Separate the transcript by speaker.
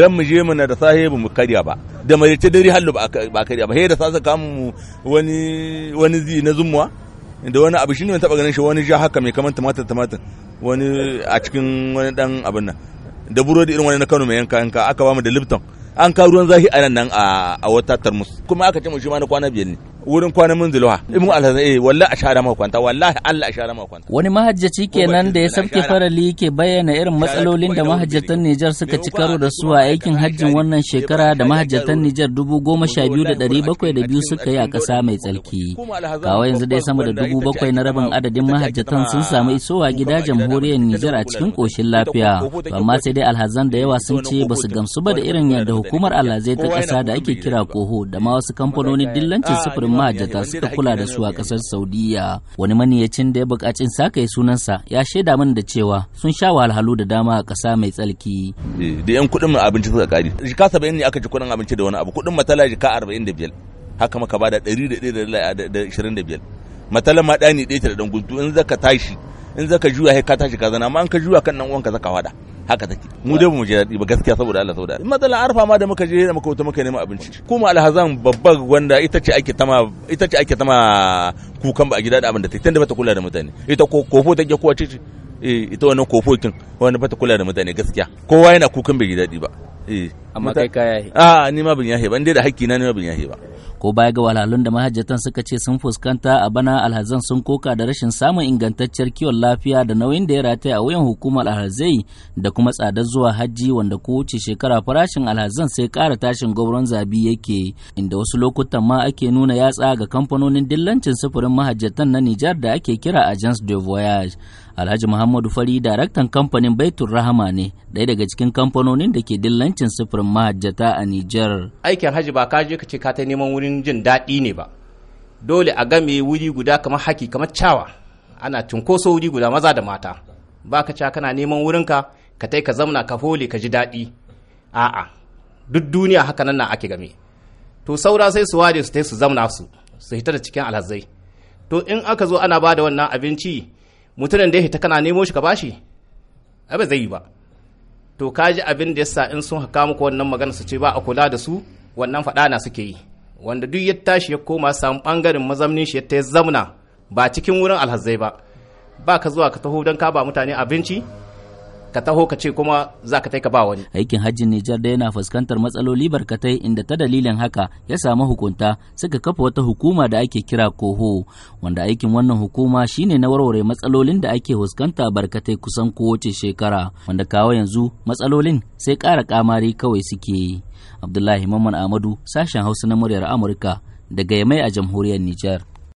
Speaker 1: ran mu je mu na da sahe mu karya ba da mai ta dare hallu ba karya ba he da sasa kamu wani wani zi na zumwa da wani abu shine taba ganin shi wani ja haka mai kaman tumatir tumatir wani a cikin wani dan abin nan da burodi irin wani na Kano mai yanka yanka aka ba mu da Lipton an ka ruwan zahi a nan a wata tarmus kuma aka ce mu shi ma na kwana biyar ne wurin kwanan munzuluha mun alhazan eh wallahi a shara maka kwanta wallahi Allah a shara maka kwanta wani mahajjaci
Speaker 2: kenan da ya sabke farali ke bayyana irin matsalolin da mahajjatan Nijar suka ci karo da su a aikin hajjin wannan shekara da mahajjatan Nijar dubu goma da biyu suka yi a kasa mai tsarki kawai yanzu dai sama da dubu bakwai na rabin adadin mahajjatan sun samu isowa gida jamhuriyar Nijar a cikin koshin lafiya amma sai dai alhazan da yawa sun ce ba su gamsu ba da irin yadda hukumar alhazai ta kasa da ake kira koho da ma wasu kamfanoni dillancin sufurin majata suka kula da su a kasar saudiya wani maniyacin da ya buƙaci saka sunansa ya shaida min da cewa sun sha wahalhalu da dama a ƙasa mai tsalki
Speaker 1: eh, da yan kuɗin abinci suka ƙari jika saba'in ne aka ci kuɗin abinci da wani abu kuɗin matala jika arba'in da biyar haka maka ba da ɗari da ɗaya da ashirin da biyar matala ma ɗani ɗaya da ɗan guntu in zaka tashi in zaka juya sai ka tashi ka zana amma in ka juya kan nan uwanka zaka wada haka take mu dai mu je daɗi ba gaskiya saboda Allah saboda Allah matsalar arfa ma da muka je da muka wuta muka nemi abinci kuma alhazan babbar wanda ita ce ake tama ita ce ake tama kukan ba a gida da abin da take tunda bata kula da mutane ita kofo take kowa ce eh, ita wannan kin wanda bata kula da mutane gaskiya kowa yana kukan bai ji daɗi ba eh, amma kai kaya a ni ma bin yahe ba dai da hakki na ni ma bin yahe ba ko baya
Speaker 2: ga wahalhalun da mahajjatan suka ce sun fuskanta a bana alhazan sun koka da rashin samun ingantacciyar kiwon lafiya da nauyin da ya rataya a wuyan hukumar alhazai da kuma tsadar zuwa hajji wanda ko wuce shekara farashin alhazan sai ƙara tashin gwauron zabi yake inda wasu lokutan ma ake nuna yatsa ga kamfanonin dillancin sufurin mahajjatan na Nijar da ake kira Agence de Voyage. Alhaji Muhammadu Fari daraktan kamfanin Baitul Rahama ne, ɗaya daga cikin kamfanonin da ke dillancin sufurin mahajjata a Nijar.
Speaker 3: Aikin haji ba ka je ka ce ka ta neman wurin jin daɗi ne ba. Dole a game wuri guda kamar haki kamar cawa. Ana tunkoso wuri guda maza da mata. Ba ka ca kana neman wurinka ka tai ka zamna ka fole ka ji daɗi. A'a, duk duniya haka nan na ake game. To saura sai su ware su tai su zamna su, su hita da cikin alhazai. To in aka zo ana ba da wannan abinci mutumin da ya hita kana nemo shi ka bashi ai ba zai yi ba to ka ji abin da yasa in sun haka muku wannan magana su ce ba a kula da su wannan faɗa na suke yi wanda duk ya tashi ya koma samu ɓangaren mazamnin shi ya zamna ba cikin wurin alhazai ba ba ka zuwa ka taho don ka ba mutane abinci ka taho ka ce kuma za ka ka ba wani
Speaker 2: aikin hajjin Nijar da yana fuskantar matsaloli barkatai inda ta dalilin haka ya samu hukunta suka kafa wata hukuma da ake kira koho wanda aikin wannan hukuma shine na warware matsalolin da ake fuskanta barkatai kusan kowace shekara wanda kawo yanzu matsalolin sai ƙara kamari kawai suke Abdullahi Mamman Amadu sashen Hausa na muryar Amurka daga Yamai a jamhuriyar Nijar.